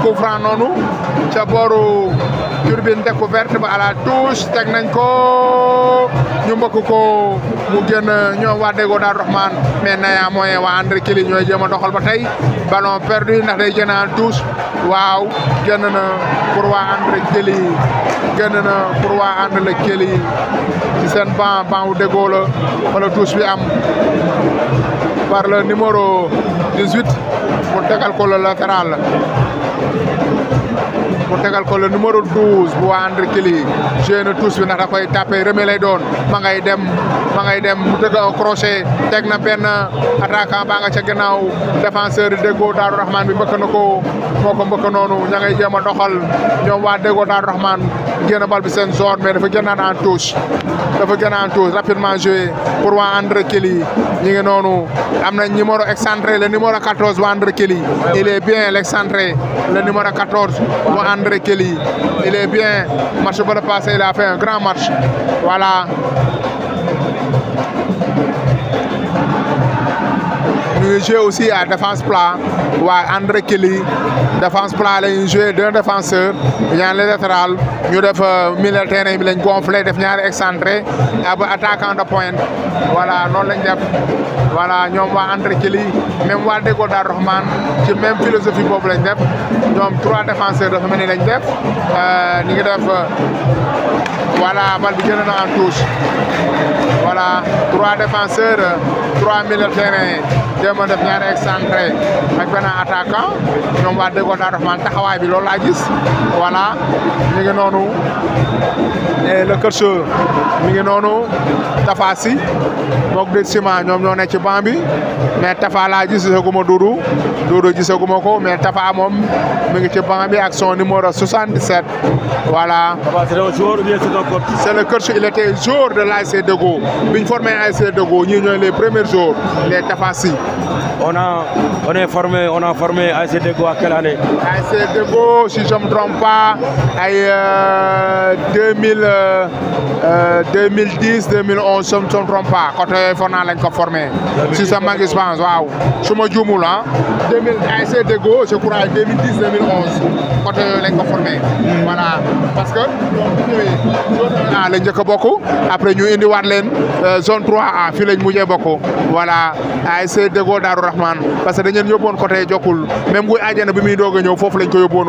coup franc noonu ca booru turbine découverte ba à la touche teg nañ ko ñu mbokk ko mu génn ñoom waa Deggo Darou Rahmane mais naya moyen waa André Kili ñooy jéem doxal ba tey ballon perdu ndax day génn en touche waaw génn na pour waa André Kili génn na pour waa André Kili ci seen ban ban wu Deggo la wala touche bi am par le numéro 18 mu tegal ko le latéral Thank you. mu tegal ko le numéro 12 bu waa André Kili joué na touche bi ndax da koy tapé remet lay doon ma ngay dem ma ngay dem mu tëgg au crochet teg na benn attaquant baa nga ca gannaaw défenseur Deggo Daaru Rahman bi mbëkk na ko moo ko mbëkk noonu ña ngay jéem a doxal ñoom waa Deggo Daaru Rahman génn bal bi seen zone mais dafa génnaat en touche dafa génn en touche rapidement joué pour waa André Kili ñi noonu am na numéro excentré la numéro 14 waa André Kili il bien l'excentré le André Kelly. Il est bien. Marche pour le passé, il a fait un grand match. Voilà. Nous jouons aussi à défense plat. waa André Kenny défense plat lañuy joué deux défenseurs ñaari latéral ñu def euh, milieu terrain bi lañ gonflé def ñaar excentré ab attaquant de pointe voilà noonu lañ def voilà ñoom waa André Kenny même waa Deggo Darou Rahmane ci même philosophie boobu lañ def ñoom trois défenseurs dafa mel ni lañ def euh, ñu ngi def euh, voilà bal bi jëlee na en touche voilà trois défenseurs trois milieu terrain jéem a def ñaari excentré benn attaquant ñoom waa Dégol daa dox man taxawaay bi loolu laa gis voilà ñu noonu le coacheur mi ngi noonu Tafa si mook de ñoom ñoo ne ci banc bi mais Tafa laa gis gisaguma Doudou Doudou gisaguma ko mais Tafa moom mi ngi ci banc bi ak son numéro 77 voilà. c'est le coach il était joueur de l'ASC Dégol bi ñu formé ASC Dégol ñii ñooy les premiers joueurs les Tafa On a, on est formé, on a formé e Dego à quelle année IC e Dego, si je ne me trompe pas, à 2000, 2010, 2011, si je ne me trompe pas, quand on a formé. Si ça manque, je pense, waouh. Je me plus là, Dego, je crois, 2010, 2011, quand a formé. Voilà, parce que, ah, les beaucoup, après nous, ils nous zone 3A, puis beaucoup. Voilà, IC e Dego, Rahman parce que dañu leen yóbbuwoon côté Jokkul même bu àjjana bi muy doog a ñëw foofu lañ ko yóbbuwoon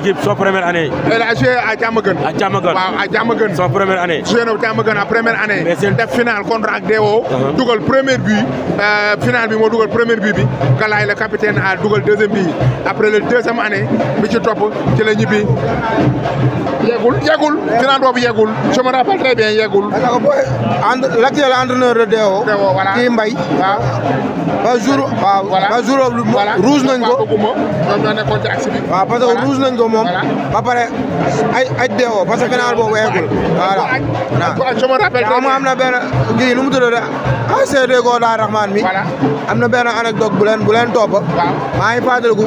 équipe son première année Elle euh, a joué à Diamaguène. À Diamaguène. Waaw à Diamaguène. Son première année. Joué na Diamaguène à première année. def final contre ak Dewo. Uh-huh. dugal premier but euh, final bi moo dugal premier but bi Galaye la capitaine a dugal deuxième bi après le deuxième année bi ci topp ci la ñibbi yeggul yeggul grand boobu yeggul je me rappelle très bien de Deo. voilà kii Mbaye. nañ ko ñoom nekkoon ci axe bi. waaw ko moom. ba pare ay ay Deo parce que final boobu yeggul. am na benn kii nu mu ah, mi. am na benn anecdote bu leen bu leen topp. waaw maa ngi fàttaliku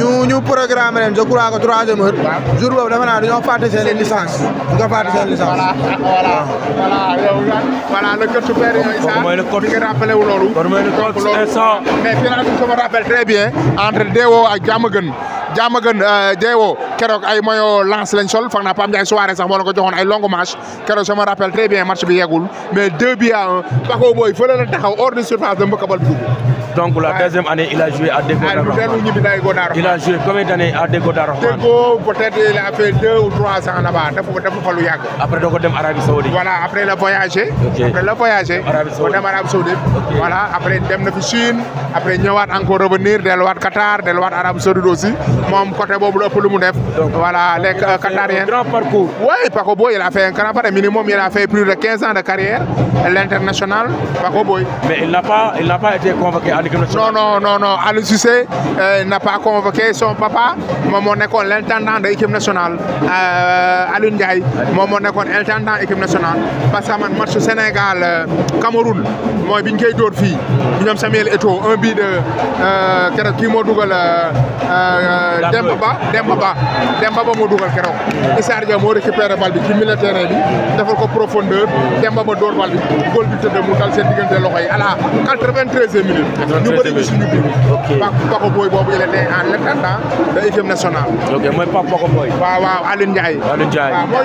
ñu ñu programme leen je crois que troisième heure. jour boobu dafa naa dañoo fàtte seen licence. nga fàtte seen licence. voilà voilà voilà yow voilà le code supérieur yooyu sax. mooy le code bi nga rappelé wu loolu. kon mooy le code mais finalement je me rappelle très bien. entre Dewo ak Diamaguène Diamaguène euh, Dewo. kérok ay maillot lance lañ sol foog naa Pape Ndiaye soirée sax moo la ko joxoon ay longue match keroog sama rappelle très bien match bi yegul mais 2 buts à 1 Paco Boy fële la taxaw hors de surface de mbëkk bal bi donc la deuxième année il a joué à Deggo ah, Darrahmane il a joué combien d'années à Deggo Darrahmane Deggo peut-être il a fait 2 ou 3 ans là-bas dafa dafa fa lu yàgg après doo dem Arabie Saoudite voilà après la voyagé après la voyagé mu dem Arabie Saoudite voilà après dem na fi Chine après ñewat encore revenir delluwaat Qatar delluwaat Arabie Saoudite aussi moom côté bobu lu ëpp lu mu def donc voilà, les Canariens. Un grand parcours. Oui, Paco Boy, il a fait un grand parcours. Minimum, il a fait plus de 15 ans de carrière l'international, Paco Boy. Mais il n'a pas, pas été convoqué à l'équipe nationale. Non, non, non, non. Alain Sucé euh, n'a pas convoqué son papa, mon école, l'intendant de l'équipe nationale. Euh, Alain Ndiaye, mon Nekon, l'intendant de l'équipe nationale. Parce que le match Sénégal, euh, Cameroun, moi, je suis d'autres filles. Nous Samuel Eto, un bid de. Euh, qui m'a dougal. Euh, Dembaba. Dembaba. Demba Ba moo dugal keroog Issa Dia moo récupéré bal bi ci milieu bi defal ko profondeur Demba Ba dóor bal bi góol bi tëdd mu dal seen diggante loxo yi à la vingt treizième minute ñu bëri bi suñu biir Paco Boy boobu il était en l'attendant de l'équipe nationale ok mooy Paco Boy waaw waaw Aline Ndiaye Aline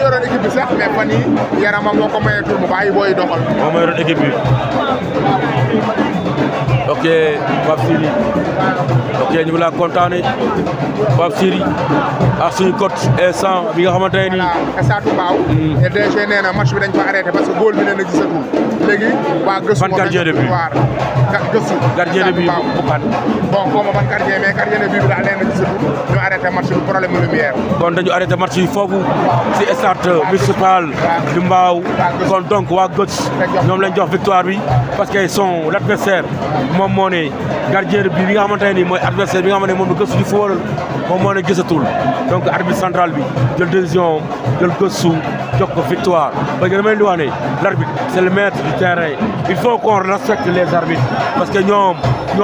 yoroon équipe sax mais fan yi yaramam moo ko mayee tur mu bàyyi booy doxal moo yoroon équipe ke Pape ok ñu ngi laa kontaane Pape Siry ak suñu coach bi nga xamante ne nii. voilà instant Touba. Hmm. DG nee na match bi dañ ko arrêté parce que góol bi nee na gisatul. gardien de but gardien de but bon comme gardien mais gardien de but le match problème lumière kon dañu arrêté match municipal du donc victoire parce qu'ils sont l'adversaire mon monnaie, gardien de but il a adversaire bi donc arbitre central bi de décision jël c'est victoire le maître du terrain il faut qu'on respecte les arbitres parce que nous nous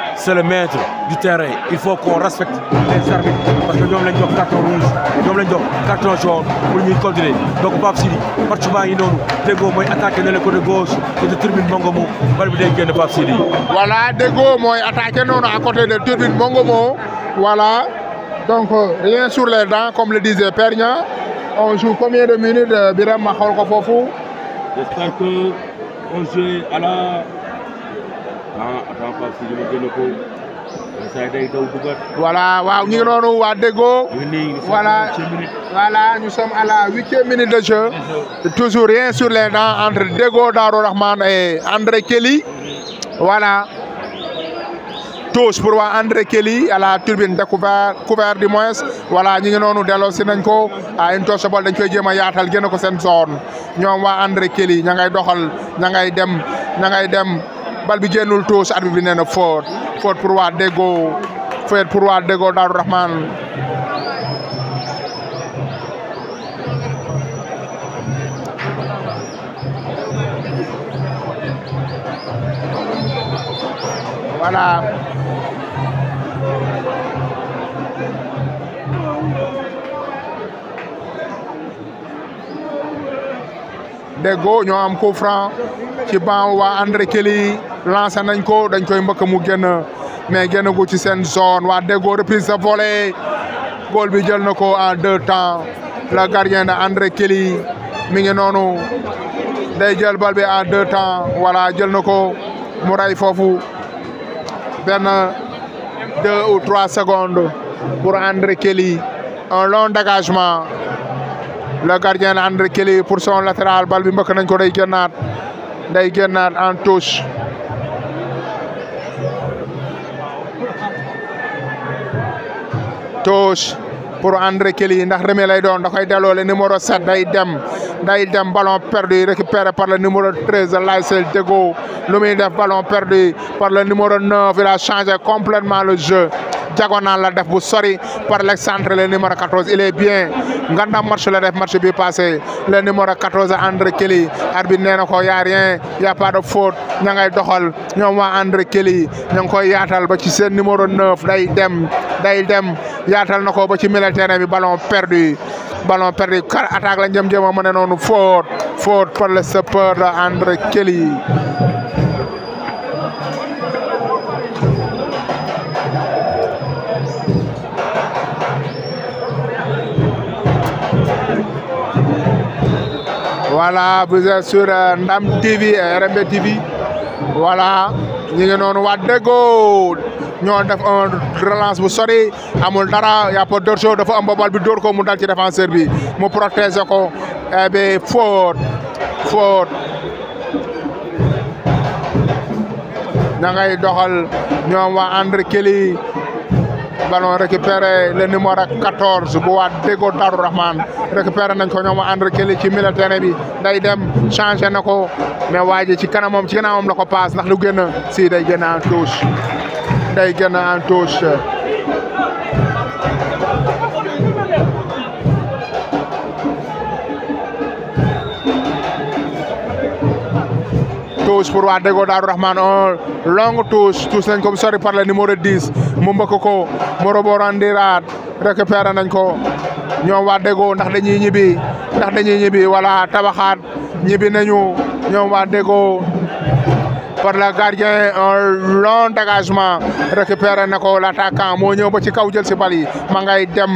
c'est le maître du terrain. Il faut qu'on respecte les arbitres parce que nous avons carton rouge, nous avons jaune pour nous continuer. Donc, Pape Sidi, pratiquement, il nous a attaqué dans le côté gauche et de tribune Mongomo, Voilà, Dégo attaqué dans à côté de tribune Mongomo. Voilà, donc rien sur les dents, comme le disait Pernia. On joue combien de minutes, euh, Biram Mahol Kofofou J'espère on joue à la Ah, voilà waaw ñu ngi noonu waa déggoo voilà voilà nous sommes à la huitième de jeu toujours rien sur les dents entre Déggo Darou Rahman et André Kelly voilà tous pour waa André Kelly à la turbine découvert couvert du moins voilà ñu ngi noonu delloo si nañ ko à une touche ball koy jéem a yaatal génn ko seen zone ñoom waa André Kelly ña ngay doxal ña dem ña ngay dem bal bi jennul tous arbi bi neena fort fort pour wa dego fort pour wa dego Daaru Rahman voilà déggoo ñoo am coup franc ci ban waa André Kenny lancé nañ ko dañ koy mbëkk mu génn mais génn gu ci seen zone waa déggoo reprise sa volée góol bi jël na ko en deux temps le gardien de André Kenny mi ngi noonu day jël bal bi en deux temps voilà jël na ko mu rey foofu benn deux ou trois secondes pour André Kenny un long dégagement le gardien André Kenny pour son latéral bal bi mbëkk nañ ko day génnaat day génnaat en touche. touche pour André Kenny ndax remee lay doon da koy delloo le numéro 7 day dem day dem ballon perdu récupéré par le numéro 13 de l'ASC Deggo lu muy def ballon perdu par le numéro 9 il a changé complètement le jeu. diagonale la def bu sori par l'excentre le numéro 14 il est bien ngandam match la def match bi passé le numéro 14 André Kelly arbitre nee na ko y a rien y a pas de faute ña ngay doxal ñoom waa André Kelly ña ngi koy yaatal ba ci seen numéro 9 day dem day dem yaatal na ko ba ci milieu terrain bi ballon perdu ballon perdu car attaque la jëm jëm a mën a noonu faute faute par le stoppeur André Kelly voilà vous êtes euh, Ndam TV RMB TV voilà ñu ngi noonu waa Deggo ñoo def relance bu sori amul dara y' a dafa am bobal bi dóor ko mu dal ci défenseur bi mu protéger ko eh bien faute faute ñoom waa André Kenny. ballon récupéré le numéro 14 bu waa Déggo Darou Rahman récupéré nañ ko ñoom André Kenny ci milieu terrain bi day dem changé na ko mais waa ji ci kanamam ci ginnaawam la ko paas ndax lu gën a si day gën a en touche day gën a en touche pour waa Déggo Darou Rahman un long touche touche nañ ko bu sori par le numéro 10 mu mbëkk ko Moroboro Ndirat récupéré nañ ko ñom wa dégo ndax dañuy ñibi ndax dañuy ñibi wala tabaxat ñibi nañu ñom wa dégo par la gardien un long dégagement récupéré nako ko l'attaquant mo ñew ba ci kaw jël ci bal yi ma ngay dem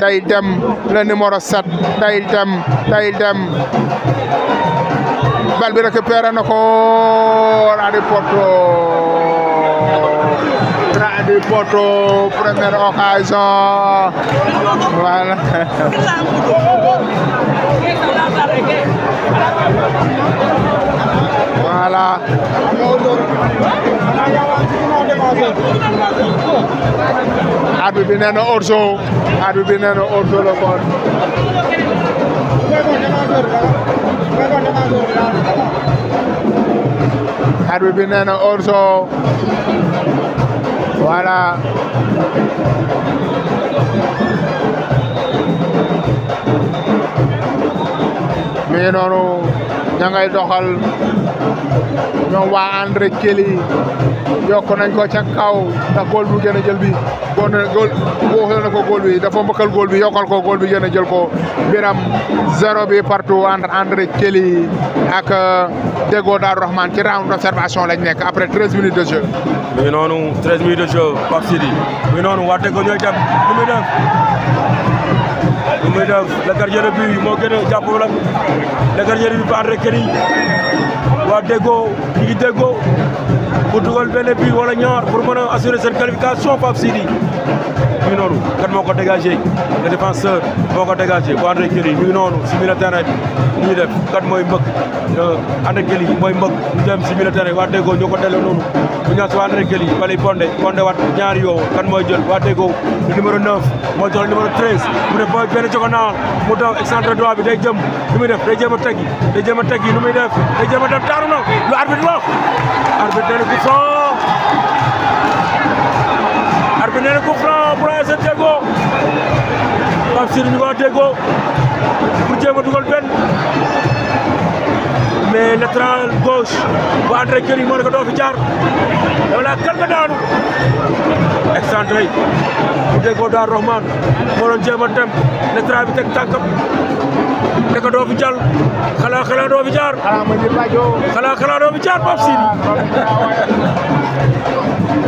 day dem le numéro 7 day dem day dem bal bi récupéré nako la di porto grande poteau, première occasion. Voilà. Voilà. Arbitre bi nee na hors-jeu, arbitre bi nee na hors-jeu la kon. Arbitre bi nee na hors-jeu. Voilà. Mais no! non. ña ngay doxal ñoom waa André Kelly yokk nañ ko ca kaw ndax góol bu gën a jël bi góol góol ko góol bi dafa mbëkkal góol bi yokkal ko góol bi gën a jël ko biram zéro bi partout entre André Kelly ak euh, Deggo Daaru Rahman ci round d'observation lañ nekk après treize minutes de jeu. mu de jeu Pape Sidi mu ngi noonu ñooy dem lu muy def. bu muy def la gardien de but moo gën a jàpp la le gardien de but ba rek këriñ waa déggoo ñu ngi déggoo pour dugal benn but wala ñaar pour mën a assurer seen qualification Pape Sidi mi ngi noonu kan moo ko dégagé le défenseur moo ko dégagé bu André Kenny mi ngi noonu si milieu terrain bi ñuy def kan mooy mbëkk André Kenny mooy mbëkk ñu dem si milieu terrain waa Déggo ñoo ko delloo noonu bu ñaan si waa André Kenny balay bondé bondé waat ñaari yoo kan mooy jël waa Déggo le numéro 9 moo jël numéro 13 mu ne booy benn joganaaw mu daw excentré droit bi day jëm lu muy def day jéem a teggi day jéem a teggi def day jéem a def taaru na lu arbitre wax arbitre beneen coup franc pour ASC Deggo ñu ko Deggo pour jéem a dugal benn mais latéral gauche bu André Kenny moo ne ko doo fi jaar wala kal nga daanu excentré bu Deggo Daaru Rahman moo doon jéem a dem latéral bi teg tànkam ne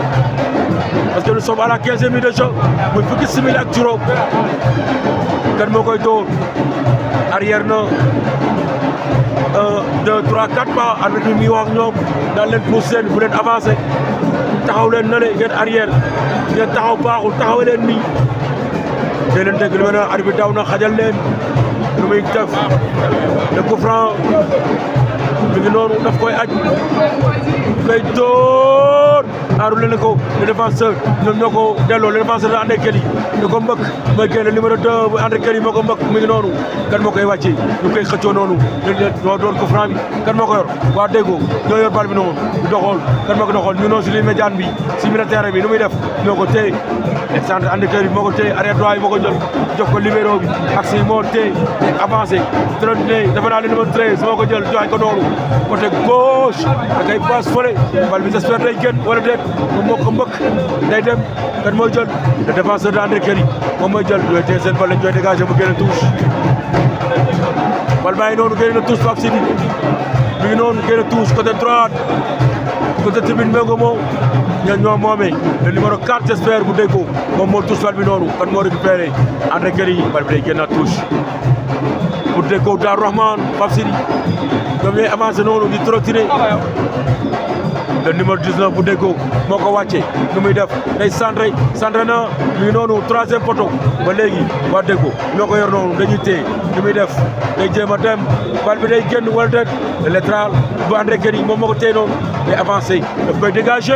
parce que nous sommes à la 15e minute de jeu Il muy fukki simili ak juróom kan moo koy dóor arrière na un deux trois quatre pas arbitre bi mi wax ñoom daan leen pousse leen bu leen avancé taxaw vous na le ngeen arrière ngeen taxaw baaxul taxaw leen nii dee leen dégg lu mel ne arbitre daw na xajal leen lu muy def le coup franc mi ngi vous avez koy aj koy dóor xaaru leen ko le défenseur ñoom ñoo ko delloo le défenseur la André Kenny ñu ko mbëkk mooy génn numéro 2 bu moo ko mbëkk mu ngi noonu kan moo koy wàcce ñu koy xëccoo noonu ñoo doon ko franc bi kan moo ko yor waa déggoo bal bi noonu doxool kan moo ko doxool ñu noonu si ligne médiane bi si milieu terrain bi nu muy def ñoo ko téye centre André moo ko téye arrière droit bi moo ko jël jox ko libéro bi ak si moo téye avancé trop ne dafa naa ne numéro 13 moo ko jël joxe ko noonu côté gauche da koy passe mu mbëkk mbëkk day dem kan mooy jël le défenseur de André Kenny moom mooy jël yooyu tey seen bal lañ koy dégagé mu ngi noonu génne na touche Pape ngi noonu génne touche côté droite côté tribune Mbengo moom ñoo ñoo moomee le numéro bu déggoo moom moo touche bal bi noonu kan moo récupéré André Kenny bal bi day génnaat touche bu déggoo Daarou Rahman Pape Sidi ñoom ñooy noonu di trottiné le numéro 19 bu Dego, Moko ko wàccee nu muy def day le troisième poteau ba léegi waa déggoo ñoo ko yor noonu dañuy téye nu muy def day jéem dem bal bi day le latéral bu Kenny dégagé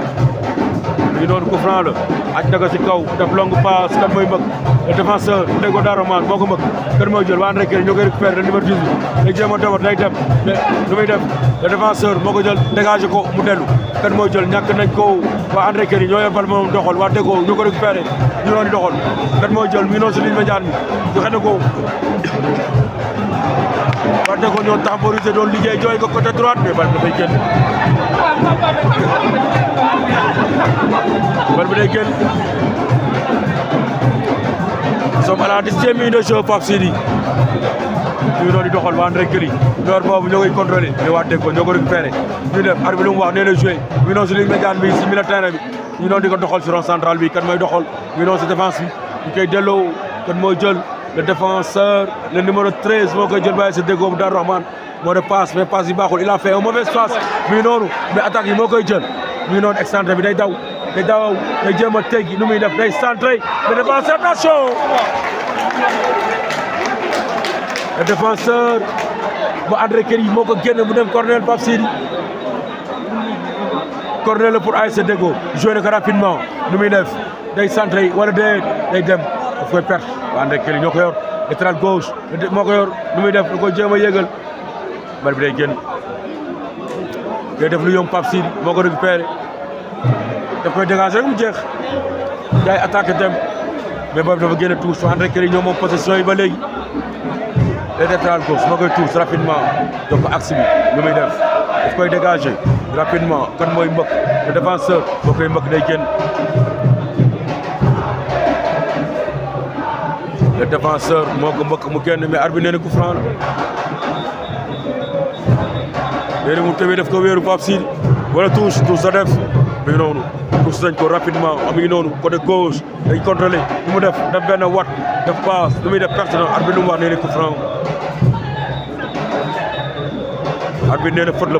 ngi noonu coup franc la aj na ko ci kaw def longue passe kan mooy mag défenseur Ndégo Darou Mane moo ko mag kan mooy jël waan rek ñoo koy récupéré le numéro 18 day jéem a demat day dem lu muy def le défenseur moo ko jël dégagé ko mu dellu kan mooy jël ñàkk nañ ko waa André Kenny ñoo yebal moom doxal waa Déggo ñu ko récupéré ñu noonu doxal kan mooy jël mi noonu si ligne médiane bi joxe na ko war na ko ñoo temporiser doon liggéey jooy ko côté droite mais bal bi dafay génn bal bi day génn nous sommes à la ñu doon di doxal waa André Guèye boobu ñoo koy contrôlé mais waa Dekko ñoo ko récupéré ñu def arbitre bi lu mu wax nee na joué ñu noon si ligne médiane bi si milieu terrain bi ñu doon di ko doxal si rond central bi kan mooy doxal ñu noon si défense bi ñu koy delloo kan jël le défenseur, le numéro 13, Moko c'est jël bàyyi si Roman, a passe mais pas il a fait un mauvais passe mais attaque yi Alexandre muy excentré bi day daw le défenseur attention le défenseur André Kenny Moko mu dem pour il joué rapidement Il centré wala day day waa Ndekeli ñoo ko yor latéral gauche moo ko yor nu muy def da koy jéem a yéegal bal bi day génn day def lu yomb Pape moo ko récupéré daf koy dégagé rek mu jeex day attaqué dem mais boobu dafa génn touche waa Ndekeli ñoo moom possession yi ba léegi latéral gauche moo koy touche rapidement jox ko axe bi def daf koy dégagé rapidement kan mooy mbëkk le défenseur moo koy mbëkk day génn le moo ko mbëkk mu génn mais arbitre nee na ku franc la mu tëbee def ko wéeru Pape Sidi wala touche touche sa def mi ngi noonu touche nañ ko rapidement mi ngi noonu côté gauche dañ contrôlé mu def def benn wat def passe lu muy def perte na arbitre lu mu wax nee ku franc arbitre nee na faute la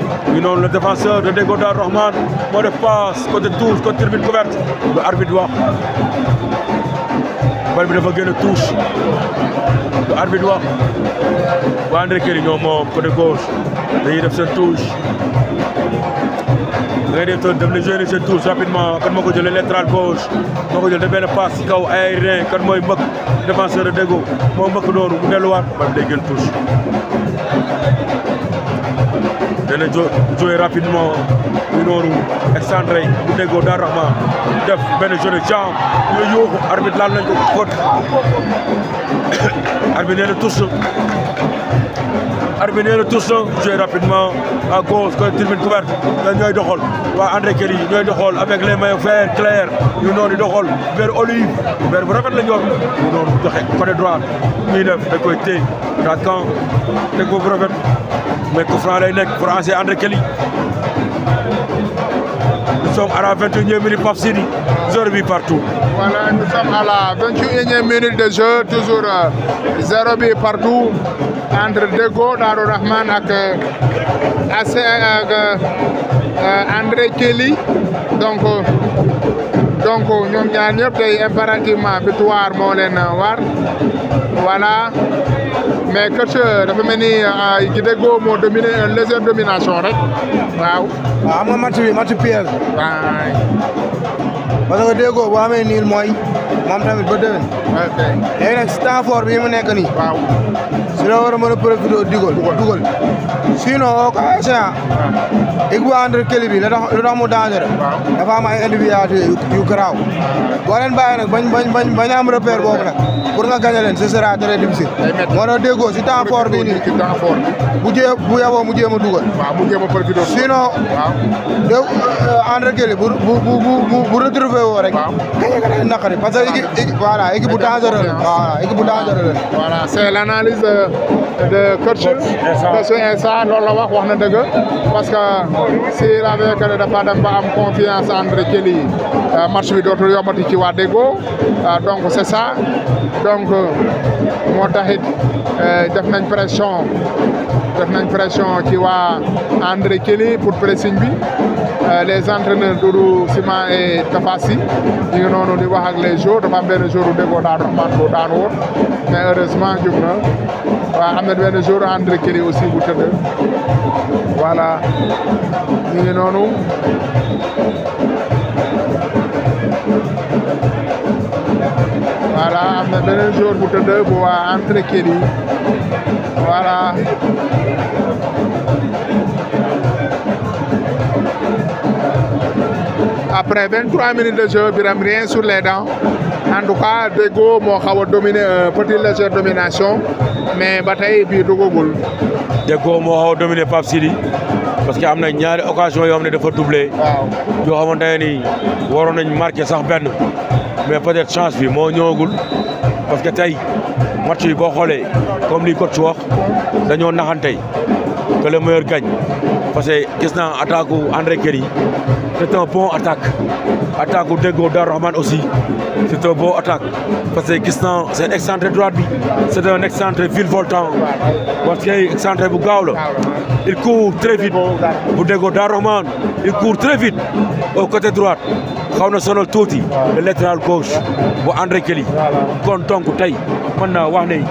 ñu noonu la défenseur de Deggo Darou Rahmane moo def passe côté touche côté tribune couverte lu arbitre wax bi dafa gën a touche lu arbitre wax waa André Kenny ñoom moom côté gauche dañuy def seen touche da ngay def dem na gérer seen touche rapidement kan moo ko jëlee latéral gauche moo ko jël de benn passe ci kaw aérien kan mooy mbëkk défenseur de Deggo moo mbëkk noonu mu delluwaat bal bi day gën touche Je joue rapidement nous noonu excentré bu def ben le arbitre ko arbitre touche arbitre jouez rapidement à gauche de tribune couverte da ñoy doxal Wa, André Kenny ñoy doxal avec les maillots verts clairs ñu de doxal vers olive vers bu rafet la Vous ñu joxe côté droit ñi def da koy mais confrères, franc français André Kelly. nous sommes à la 21e minute Pape Sidi zéro but partout. voilà nous sommes à la 21e minute de jeu toujours euh, zéro but partout entre Deggo Darou Rahman et euh, euh, euh, André Kelly. donc nous avons gagné impérativement victoire moo voilà. mais coach dafa mel ni euh, Gidego moo dominé une euh, légère domination rek waaw. waaw am nga match bi match piège. waay. parce que amee niil mooy moom tamit ba déwén. ok léegi nag bi mu nekk nii. waaw si la war mën a profité dugal dugal. sinon au cas échéant Igbu entre këli bi lu tax mu dangereux dafa am ay individu yu garaaw boo leen bàyyi nag bañ bañ bañ am repère boobu nag pour nga gagné leen ce sera très moo tax déggoo si temps bu jée bu yaboo mu jéem a dugal sinon de euh, entre këli bu bu woo rek gañe ka naqari parce que équipe voilà bu dangereux la voilà équipe bu dangereux la Sira loolu wax wax na dëgg parce que Sira fekk ne dafa dem ba am confiance André Kenny euh, match bi dootul yombati ci waa Déggo euh, donc c'est ça donc euh, moo taxit def nañ pression def nañ pression ci waa André Kenny pour pressing bi les entraîneurs Doudou Sima et Tapassi ñu noonu di wax ak les joueurs dafa am benn jour bu Déggo daanu man daan woon mais heureusement jub na. waaw am na benn jour André Kenny aussi bu tëdd voilà ñu ngi noonu voilà jour bu tëdd bu waa André Kenny voilà après 23 minutes de jeu Birame rien sur les dents en tout cas Deggo moo xaw a dominé un euh, petit légère mais ba tey bii dugagul. Deggo moo xaw a dominé Pape Sidi parce que am nañ ñaari occasion yoo xam ne dafa doublé. waaw yoo xamante ne nii waroon nañ marqué sax benn mais peut-être chance bi moo ñëwagul parce que tey match yi boo xoolee comme li coach wax dañoo naxantey que le meilleur parce que gis attaque André Kelly, c'est un bon attaque attaque de Deggo Roman aussi c'est un bon attaque parce que gis c'est un excentré droite bi c'est un excentré voltant parce que excentré bu il court très vite pour Deggo Rahman. il court très vite au côté droite xaw na sonal le latéral gauche pour André Kéri kon tonku tay mën naa wax né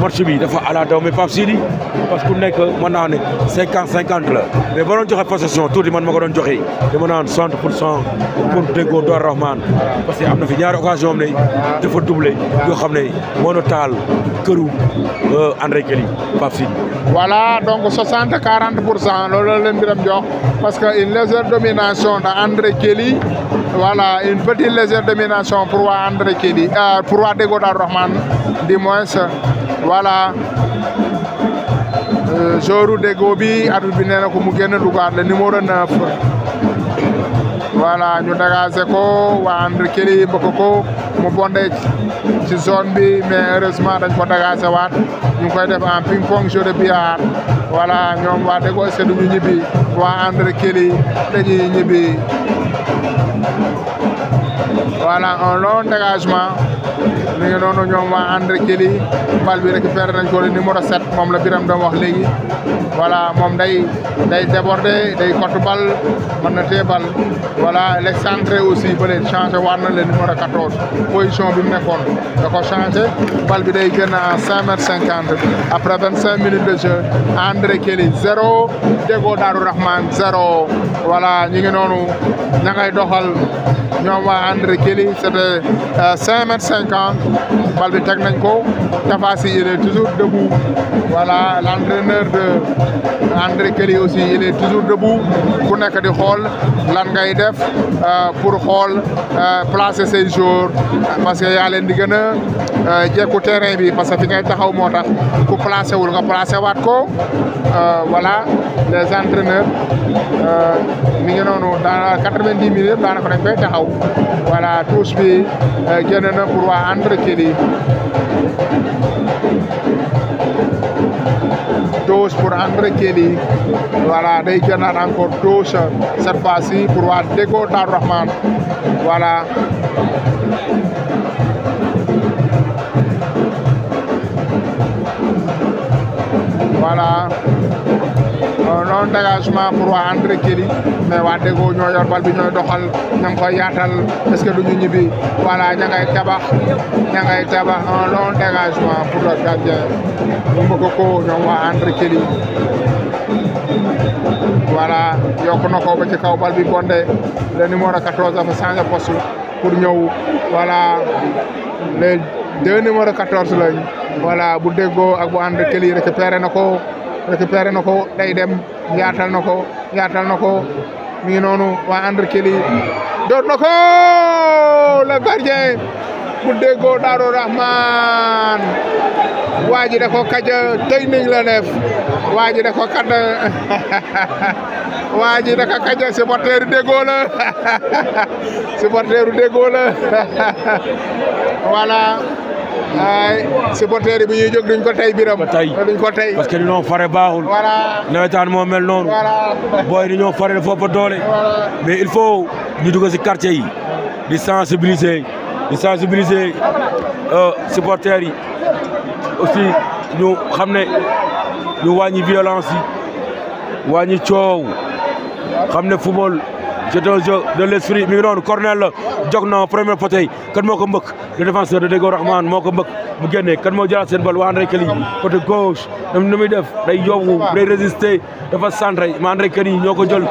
match bi dafa ala daw mais parce que nous sommes 50 50 là mais bon on dirait possession tout le monde m'a donné joxe 100% pour dego Roman. parce que y a ñaar occasion né doubler. doubler. yo xamné monotal keuru euh andré Kelly, pas fini voilà donc 60 40% parce qu'il y a parce que une légère domination d'André Kelly. voilà une petite légère domination pour andré Kelly, euh, pour dego rahman di moins voilà Euh, joru déggoo bi arbitre bi nee na mu génn dugaat le numéro 9 voilà ñu dégagé ko waa Andre Kenny bëgg ko mu bondé ci zone bi mais heureusement dañ ko dégagé waat ñu koy def en ping pong jeu de billard ñoom waa déggoo est-ce ñibbi waa Andre Kenny dañuy ñibbi voilà un long dégagement mi ngi noonu ñoom waa André Kenny bal bi récupéré nañ ko le numéro 7 moom la Biram doon wax léegi voilà moom day day débordé day cotte bal mën na téye bal voilà l'excentré aussi bële changé war na le numéro 14 position bi mu nekkoon da ko changé bal bi day génn à 5 mètres 50 après 25 minutes de jeu André Kenny 0 Deggo Darou Rahman 0 voilà ñu ngi noonu ña ngay doxal. ñoom waa André Kenny c' était euh, cinq mètres cinquante bal bi teg ko il est toujours debout voilà l'entraîneur de André Kelly aussi il est toujours debout ku nek di xol lan ngay def euh, pour xool euh, placer ses joueurs parce que yaa leen di gëna a euh, jekku terrain bi parce que fi ngay taxaw motax ku placé wul nga placer wat ko voilà les entraîneurs mi ngi nonu dans quatre-vingt-dix minutes dans dañ koy taxaw voilà touche bi gëna na pour waa André Kelly. Dos pour André Kelly. Voilà, day gënaat encore dose cette fois-ci pour voilà. voilà. Euh, non dégagement pour waa André Kenny mais waa Deggo ñoo yor bal bi ñooy doxal ña yaatal est que duñu ñibbi voilà ña ngay tabax ña ngay tabax un euh, long dégagement pour ko ñoom waa André Kenny voilà yokk na ko ba kaw bal bi bondé le numéro 14 dafa changé poste pour ñëw voilà les deux numéro 14 lañ voilà bu Deggo ak bu André Kenny récupéré na ko récupéré na ko day dem yaatal na ko yaatal na ko mi ngi door na ko le bu déggoo Daaro Rahman waa ji da ko kaj technique la def waa ji da ko kad waa déggoo la supporteru déggoo la voilà ay supporters yi bu ñuy jóg duñ ko tay biram duñ ko tay parce que ñu dañoo faré baaxul. voilà nawetaan mo mel non voilà booy dañoo fare dafa ëpp doole. mais il faut ñu dugg ci quartier yi di sensibiliser di sensibiliser euh supporters yi aussi ñu xamné ñu wañi violence yi wañi coow xamné football. jeu de jeu de l'esprit mi ngi noonu Cornel la jog na premier poteau kan moo ko mbëkk le de Deggo Rahman moo ko mu génnee kan moo jëlaat bal waa André Kenny côté gauche nu muy def day yóbbu day résister dafa centré ma ñoo ko jël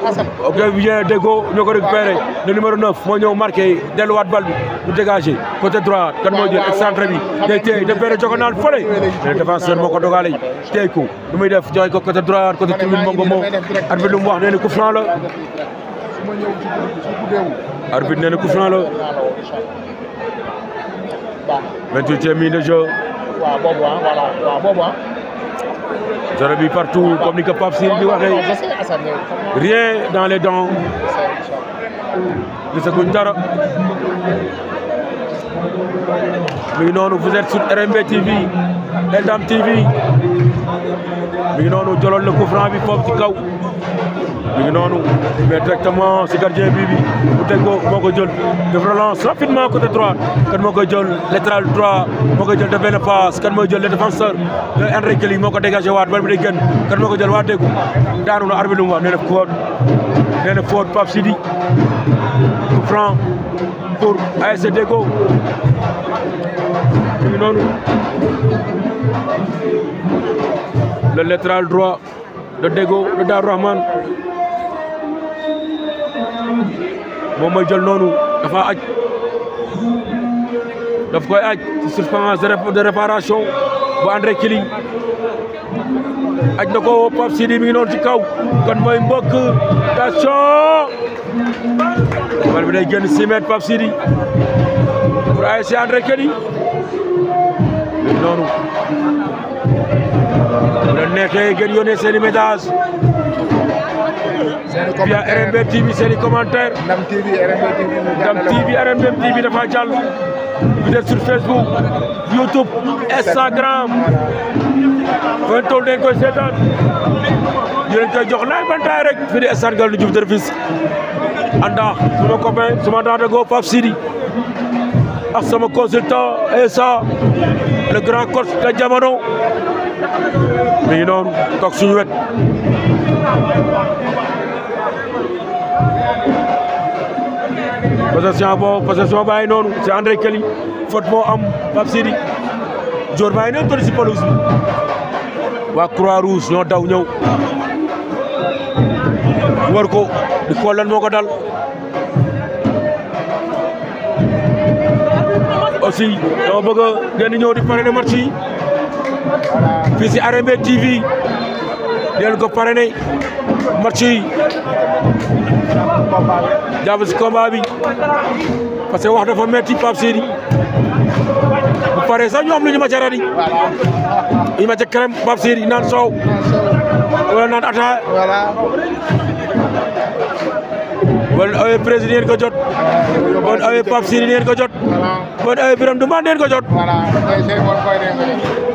bien Deggo ñoo ko récupéré le numéro 9 moo ñëw marqué delluwaat bal mu dégagé côté droit kan moo jël centré bi day téye def benn jogonal fële le défenseur moo ko dogale téye ko nu muy def joxe ko côté droit côté arbitre nee na coup franc la 28e minute de jeu zéro bi partout comme ni ko Pape Sine di waxee rien dans les dents gisaguñ dara mi Mais non, vous êtes sur RMB TV Eldam TV mi ngi noonu jëloon na coup franc bi foofu ci kaw mi ngi noonu mais directement si gardien bi bi bu teg ko moo ko jël def relance rapidement côté droit kan moo koy jël latéral droit moo koy jël def benn passe jël le défenseur le Henri Guély moo ko dégagé waat bal bi ko jël waat dégg daanu na arbitre lu mu wax nee franc pour ASC Deggo mi ngi noonu le latéral droit de Deggo de Darou Rahmane moom mooy jël noonu dafa aj daf koy aj ci surface de réparation bu André aj na ko mi noonu ci kaw kon mooy mbokk attention bal bi day génn 6 mètres Pape Sidi pour ASC mi noonu bu leen neexee ngeen yónnee seen i message via RMB TV seen i commentaire Ndam TV RMB TV Ndam TV RMB TV dafa jàll peut être sur Facebook YouTube Instagram fan tool dañ koy seetaan ñu leen koy jox laay bantaay rek fi di stade Galandou Diouf Dervis ànda suma copain suma daanagoo Pape Sidi ak sama consultant Essa le grand coach de jamono mi ngi noonu suñu wet possession boo possession baa ngi noonu c'est André Kenny faute moo am Pape Sidi Dior baa ngi noonu toll si pelouse bi waa Croix Rouge ñoo daw ñëw war ko di xool lan moo ko dal aussi dama bëgg ngeen di ñëw di parrainer match yi fii si RMB di leen ko parrainer match yi jàpp si combat bi parce que wax dafa metti Pape Sidi bu paree sax ñu am lu ada, ma ca radi ñu ma ca crème Pape Sidi naan soow wala naan ataaya bon awee président ko jot bon awee Pape ko jot bon ko jot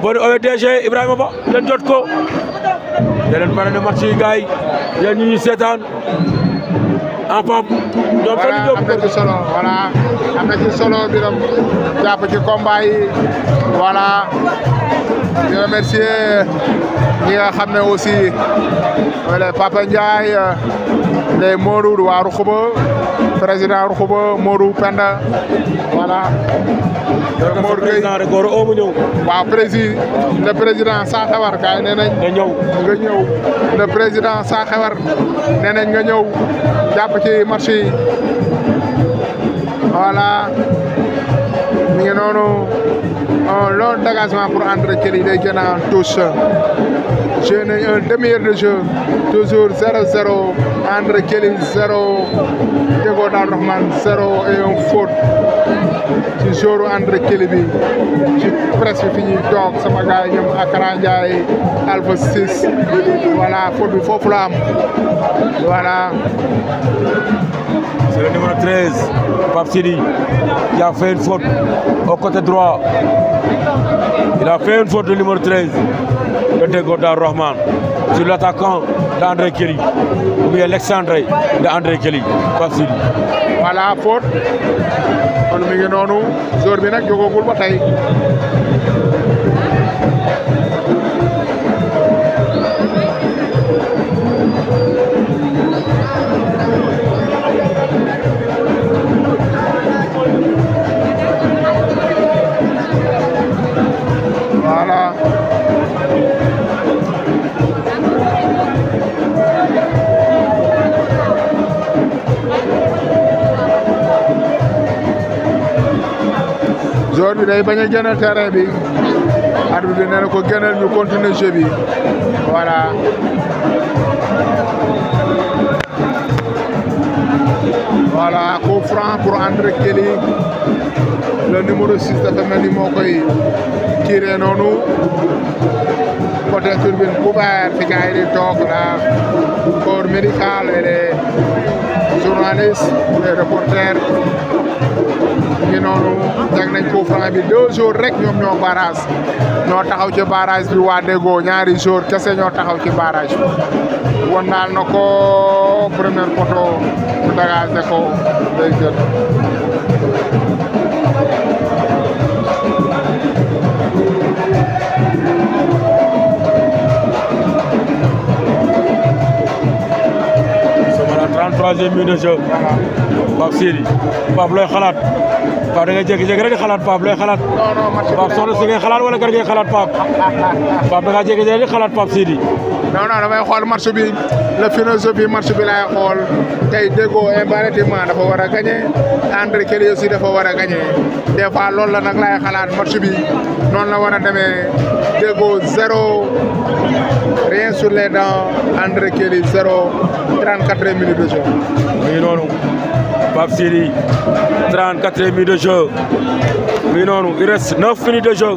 bon DG Ibrahima Ba jot ko match yi ñu ah Pape. ñoom fan ñu solo voilà am na solo biram jàpp ci combat yi voilà di remercier ñi nga xam ne aussi euh, les Papa Ndiaye les Morour waa Ruxuba président Ruxuba Modou Penda voilà. Mor Gueye président rek war a ñëw. président saa xewar gars yi nga ñëw nga ñëw. le président saa xewar nee nga ñëw jàpp ci match yi voilà un long dégagement pour entrer yi day génn en touche joué nañ un demi-heure de jeu toujours 0-0 entre Kéline 0 Tego Daan Rahman 0 ci jouru entre Kéli bi ci presque fi ñuy toog sama gars yi ñoom Akara Ndiaye bi foofu la am C'est le numéro 13, Papsidi, qui a fait une faute au côté droit. Il a fait une faute le numéro 13, le Degorda Rahman, sur l'attaquant d'André Kelly, ou bien Alexandre d'André Kelly, Papsidi. Voilà, faute. On nous sur le nom, le Bataille. bi day bañ a génn terrain bi arbitre bi ko génneel ñu continuer jeu bi voilà voilà coup pour André Kenny le numéro 6 dafa mel moo koy tiré noonu côté tribune couverte fi di toog la corps médical et les journalistes les ngi noonu jag nañ coup franc bi deux jours rek ñoom ñoo barrage ñoo taxaw ci barrage bi waa Déggo ñaari jours kese ñoo taxaw ci barrage bi won naal na ko premier poteau bu dagaase ko day jël des milieux de jeu Pape Sidi Pape looy xalaat Pape da ngay jékki-jékki rek di xalaat Pape la xalaat. Pape soxna si ngay xalaat wala gar ngay xalaat Pape. Pape da ngaa jékki-jékki di xalaat Pape Sidi. non non xool match bi la philosophie match bi laay xool tey déggoo impérativement dafa war a gagné André Kenny aussi dafa war a gagné des fois loolu la nag laay xalaat match bi noonu la war a demee déggoo zéro rien sur les dents André Kenny zéro 34 minutes de jeu. muy Pape Sidi 34 bi de jeu mi noonu il reste 9 minutes de jeu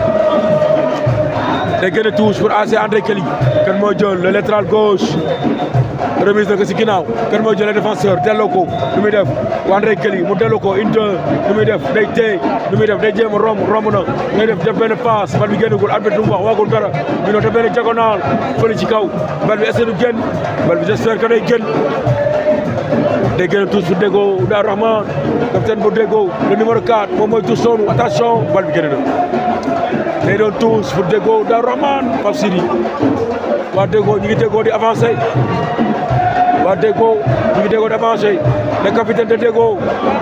day gën a touche pour AC André moo jël le latéral gauche remise na ko si ginnaaw kan moo jël le défenseur delloo ko nu muy def waa André Kenny mu delloo ko une nu muy def day téye nu muy def day jéem a romb romb na ngay def def benn passe bal bi génnagul arbitre du mu wax waxul dara ñu doon def benn diagonal fële ci kaw bal bi est-ce que du génn bal bi j'espère que day génn. day gën a tuus bu déggoo Oudar Rahman capitaine bu déggoo le numéro 4 moom mooy tuus soonu bal day doon tous pour déggoo Darou Rahmane Pape Sidi waa déggoo ñu ngi di avancé waa Deggo ñu ngi Deggo avancé le capitaine de Deggo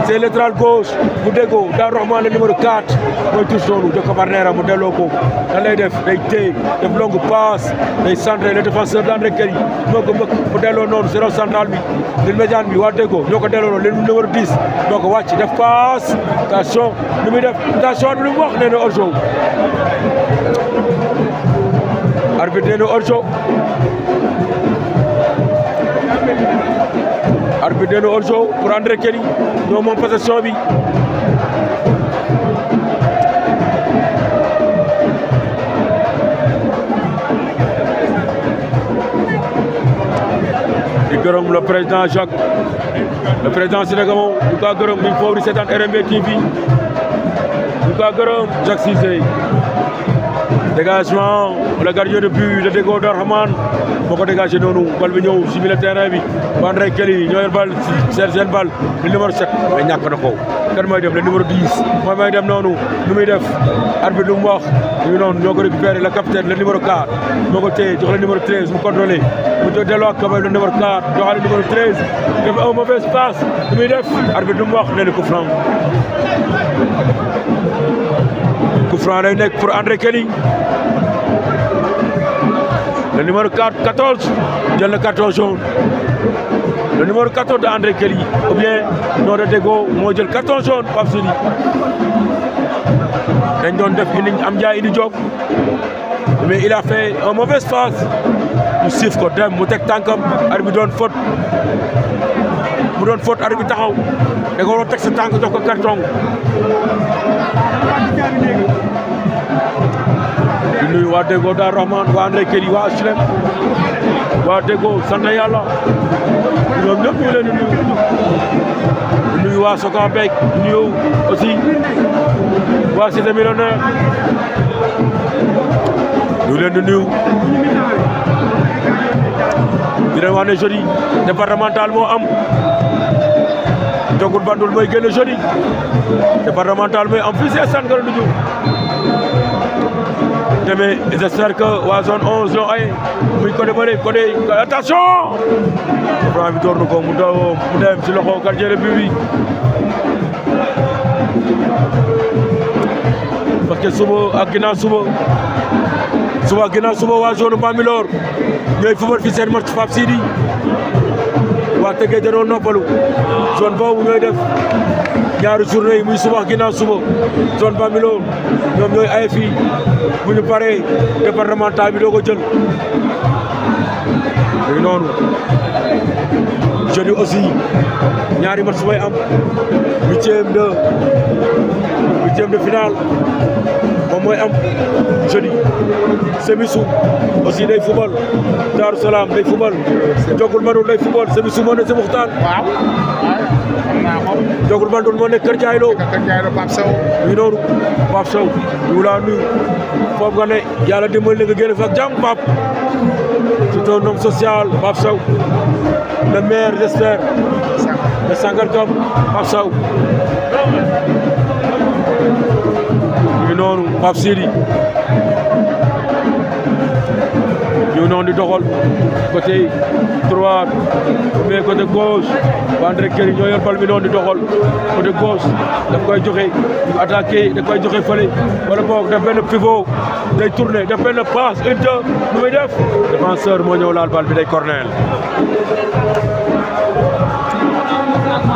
c'est latéral gauche bu Deggo Daaru Rahman le numéro 4 mooy touche noonu jox ko Barnera mu delloo ko da lay def day téye def longue passe day centré le défenseur d'André Kenny moo ko mëkk mu delloo noonu zéro central bi lil médiane bi waa Deggo ñoo ko delloo noonu le numéro 10 moo ko wàcc def passe attention lu def attention lu mu wax nee na hors-jeu arbitre nee na hors jeu pour André Kenny ñoo moom possession bi di gërëm le président Jacques le président Sénégal moom ñu ko gërëm ñu ngi foofu di seetaan RMB TV ñu ko gërëm Jacques Cissé dégagement le gardien de but le dégo d'Arhaman On va bal si terrain Kelly bal le numéro 7 mais le numéro 10 may dem nous def le capitaine le numéro 4 Mon le numéro 13 mu contrôlé le numéro 4 le numéro 13 un mauvais passe le def arbitre mu wax le franc coup franc lay nekk pour André Kenny le numéro 4 14 jël na 14 jaune le numéro 14 de de Deggo moo jël 14 jaune Pape Sidi doon def indi am jaay indi jóg mais ila a fait un mauvaise mu siif ko dem mu teg tànkam arbitre bi doon faute bu doon faute arbitre taxaw da nga war a teg sa tànk jox ko carton di nuyu waa Déggo Daaru Rahman waa André Kenny waa Asilem waa Déggo sant na yàlla ñoom ñëpp ñu leen di nuyu di nuyu waa Soka Beek di nuyu aussi waa Cité Millionnaire di leen wax ne jeudi départemental moo am Jogul Bantul mooy génn jeudi départemental mooy am fii si stade Ngalandou Diouf demee j'espère que waa zone 11 ñoo ay muy côté bëri côté attention Franc bi door na ko mu daw mu dem si loxo gardien bi bi parce que suba ak ginnaaw suba suba ginnaaw suba waa zone Bambilor ñooy fubal fi seen match Pape Sidi waa Tëngéej dañoo noppalu zone boobu ñooy def ñaari journée yi muy suba ginnaaw suba zone Bambilor ñoom ñooy ay bu ñu paree départemental bi doo ko jël yi noonu jeudi aussi ñaari match bay am huitième de huitième de finale moom semisu aussi day fubal Daaru Salaam day fubal semisu moo si Muxtaan waaw Jokul Mandul Kër Diaylo Kër Diaylo Pape Sow ñu noonu Pape Sow ñu laa ne yàlla dimbali nga génn fa ak jàmm Pape c'est un homme social Pape Sow le maire j'espère de Sangalkam ñu noonu Pape Sidi ñu noonu di doxal côté droite mais côté gauche Bandary Këri ñoo yor bal bi noonu di doxal côté gauche daf koy joxe attaqué daf koy joxe fële wala boog daf benn pivot day tourné daf benn passe une deux lu muy def défenseur moo ñëw laal bal bi day corner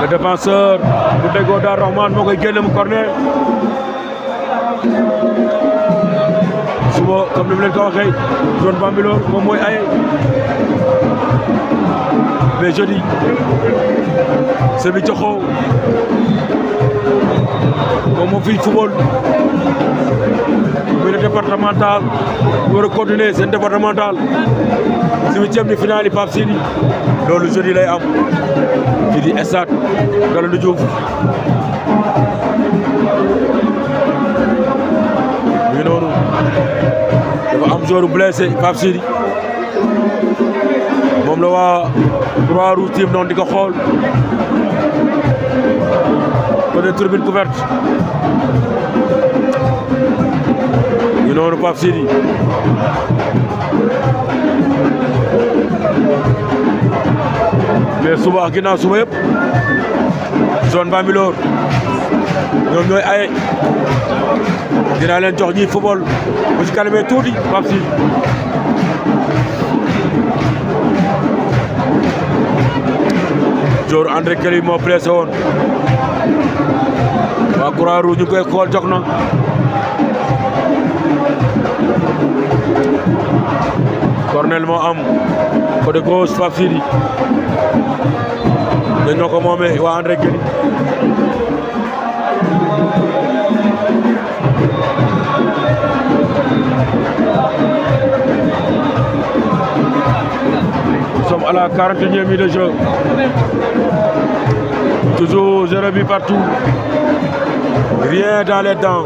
le défenseur bu déggoo Rahman moo koy génne mu corner suba comme ni mu leen ko waxee Bambilo Bambilor moom ay mais jeudi Sébi-Coxo comme moo fiy football pour le départemental war coordonner continuer seen départemental le huitième de finale yi Pape Sidi loolu jeudi lay am ci di stade Galandou Diouf mu am joueur blessé Pape Sidi moom la waa Croix tiim noonu di ko xool côté tribune couverte mu ngi noonu Pape mais suba ginnaaw suba yëpp zone Bambilor ñoom ñooy aye dinaa jox ñi football bu ci kanamee tuuti Pape joor André Kenny moo blessé woon waa ñu koy xool jox na Cornel Moham, am Fafiri gros Pape Sidi dañ na ko André Nous sommes à la 41e minute de jeu. Toujours 0 partout. Rien dans les dents.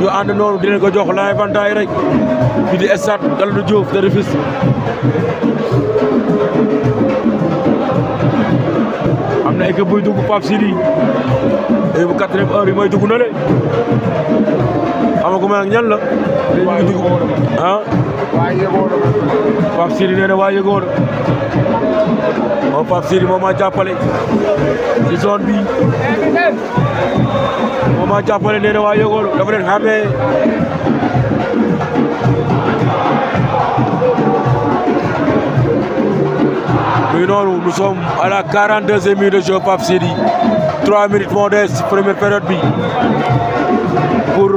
ñu ànd noonu dinañ ko jox laay vantaay rek fii di stade Galandou Diouf de Rufisque am na équipe buy dugg Pape Sidi équipe bu quatrième heure yi mooy dugg na le xama ko may ñan la léegi ñu ngi dugg ah waaye yëgoo na Sidi nee na waaye yëgoo na Sidi moom maa jàppale ci zone bi moom maa jàppale nee na waaye yëgoo na dafa leen xàmmee Oui, non, nous la 42e minute de jeu Pape Sidi. 3 minutes modestes, première période. Pour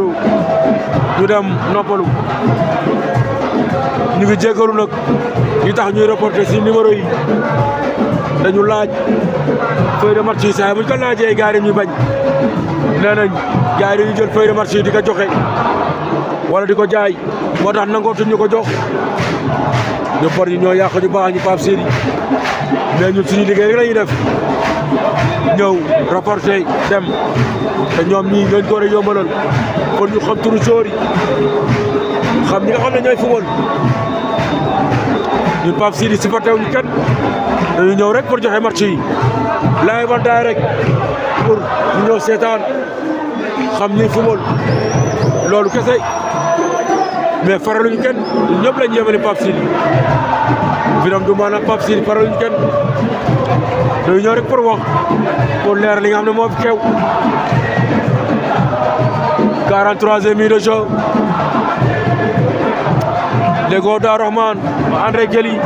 ñu dem noppalu ñu ngi jéggalu ñu tax ñuy reporté si numéro yi dañu laaj feuille de match yi saa yi bu ñu ko laajee gars bañ nee nañ gars ñu jël feuille de di ko joxe wala di ko jaay moo tax nangootuñ ñu ko jox ñu bor ñi ñoo yàq ñu baax ñu Pape Sidi mais ñun suñu liggéey rek la ñuy def ñëw reporté dem te ñoom ñii ngeen ko war a kon ñu xam turu joor yi xam ñi nga xam ne ñooy football ñun Pape Sidi supporté wuñu kenn dañu ñëw rek pour joxe match yi live en direct pour ñu ñëw seetaan xam ñuy football loolu kese mais faraluñu kenn ñëpp lañ yemale Pape Sidi fi nam du maanaam Pape Sidi faraluñu kenn dañu ñëw rek pour wax pour leer li nga xam ne moo 43e minute de jeu Lego Daaru Rahman André Guély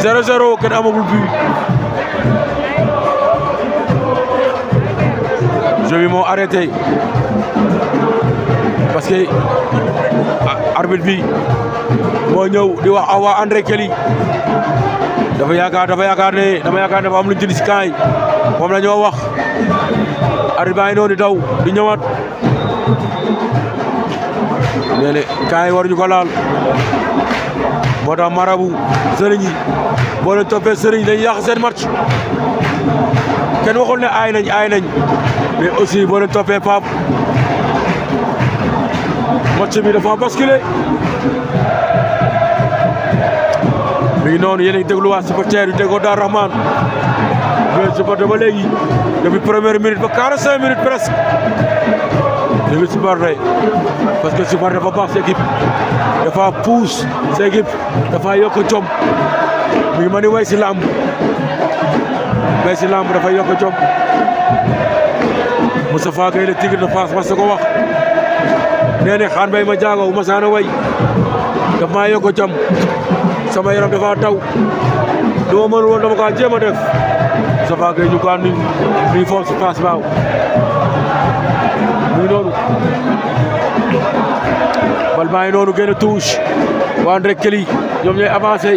0-0 kenn amagul moo arrêté parce que ah, arbitre bi moo ñëw di wax awa ah, André Guély dafa yaakaar dafa yaakaar ne dama yaakaar ne dafa am lu jënd si kaay moom la ñoo wax arbitre baa ngi noonu di daw di ñëwaat nee ne kaay waruñu ko laal moo tax marabu sëriñ yi boo leen toppee sëriñ dañuy yàq seen match kenn waxul ne aay nañ aay nañ mais aussi boo leen toppee Pape match bi dafa basculé mi noonu yéen a ngi dégluwaat supporters yu déggoo Daaru Rahman ñooy supporter ba léegi depuis première ba 45 minutes presque ñu ngi supporter parce que supporter dafa baax sa dafa pousse sa dafa yokk jom mi ngi mën a way si làmb way si ma sa ko wax nee na xaan bay ma jaago bu ma way dafa maa yokk jom sama yaram dafa taw du ma mën dama kaa jéem a def Moustapha Gueye ñu kaa nuyu nuyu foofu si bal baa ngi noonu gën a touche ñoom ñooy avancé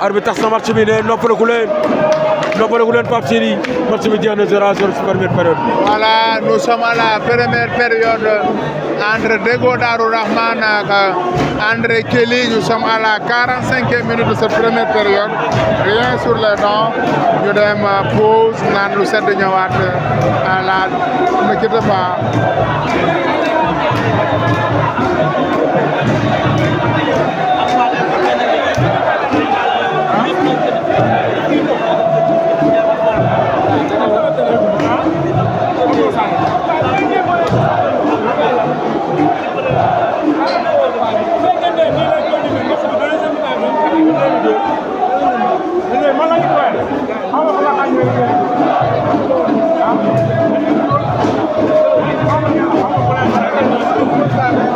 arbitre tax na match bi ne le leen Nous leen Pape Sidi match bi jeex na zéro à zéro première période. voilà nous sommes à la première période entre Dego Rahman euh, André Kelly nous sommes à la 45e minute de cette première période rien sur le nom Nous devons euh, pause le lu de ñëwaat euh, à la ne quitte pas. Opa!